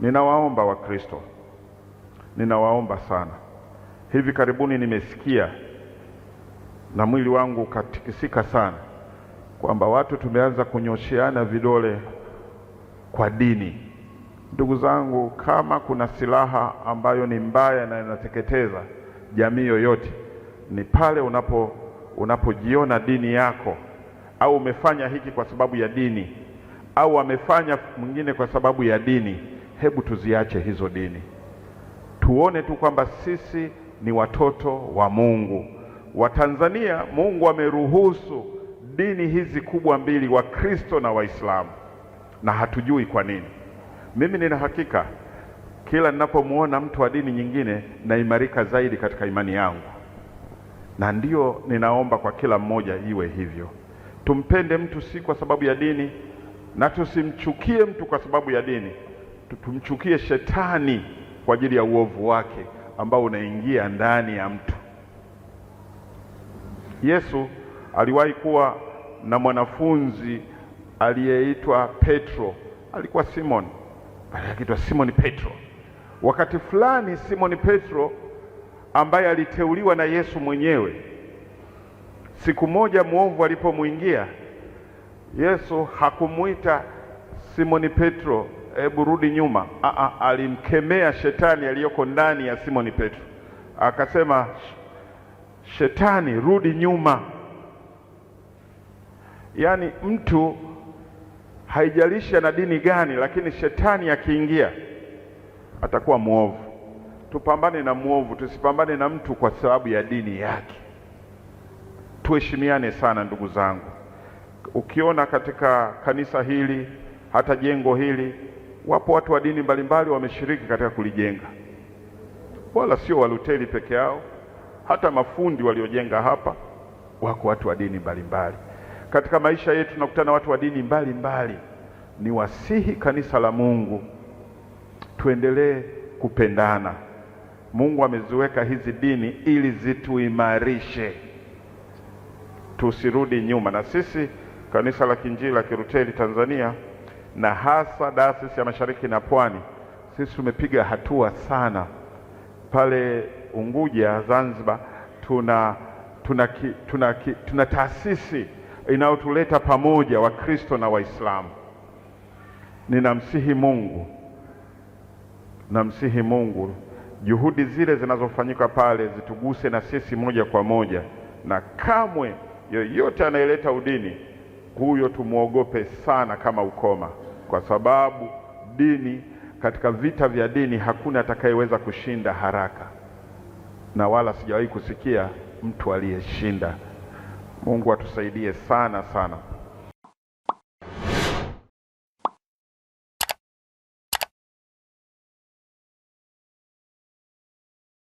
Ninawaomba Wakristo, ninawaomba sana. Hivi karibuni nimesikia na mwili wangu ukatikisika sana, kwamba watu tumeanza kunyosheana vidole kwa dini. Ndugu zangu, kama kuna silaha ambayo ni mbaya na inateketeza jamii yoyote, ni pale unapo unapojiona dini yako au umefanya hiki kwa sababu ya dini au amefanya mwingine kwa sababu ya dini hebu tuziache hizo dini, tuone tu kwamba sisi ni watoto wa Mungu. wa tanzania Mungu ameruhusu dini hizi kubwa mbili, Wakristo na Waislamu, na hatujui kwa nini. Mimi nina hakika kila ninapomwona mtu wa dini nyingine naimarika zaidi katika imani yangu, na ndio ninaomba kwa kila mmoja iwe hivyo. Tumpende mtu si kwa sababu ya dini, na tusimchukie mtu kwa sababu ya dini tumchukie shetani kwa ajili ya uovu wake ambao unaingia ndani ya mtu. Yesu aliwahi kuwa na mwanafunzi aliyeitwa Petro, alikuwa Simon, aliitwa Simon Petro. Wakati fulani Simon Petro ambaye aliteuliwa na Yesu mwenyewe, siku moja mwovu alipomwingia Yesu hakumwita Simoni Petro hebu rudi nyuma. Aa, alimkemea shetani aliyoko ndani ya Simoni Petro, akasema shetani, rudi nyuma. Yaani mtu haijalishi ana dini gani, lakini shetani akiingia atakuwa mwovu. Tupambane na mwovu, tusipambane na mtu kwa sababu ya dini yake. Tuheshimiane sana ndugu zangu. Ukiona katika kanisa hili hata jengo hili wapo watu wa dini mbalimbali wameshiriki katika kulijenga, wala sio Waluteri peke yao. Hata mafundi waliojenga hapa wako watu wa dini mbalimbali. Katika maisha yetu tunakutana watu wa dini mbalimbali. Ni wasihi kanisa la Mungu tuendelee kupendana. Mungu ameziweka hizi dini ili zituimarishe, tusirudi nyuma. Na sisi kanisa la Kiinjili la Kilutheri Tanzania na hasa Dayosisi ya Mashariki na Pwani, sisi tumepiga hatua sana pale Unguja, Zanzibar tuna tuna, tuna, ki, tuna taasisi inayotuleta pamoja Wakristo na Waislamu. Ninamsihi Mungu, namsihi Mungu juhudi zile zinazofanyika pale zituguse na sisi moja kwa moja, na kamwe yoyote anayeleta udini huyo tumwogope sana kama ukoma, kwa sababu dini, katika vita vya dini hakuna atakayeweza kushinda haraka, na wala sijawahi kusikia mtu aliyeshinda. Mungu atusaidie sana sana.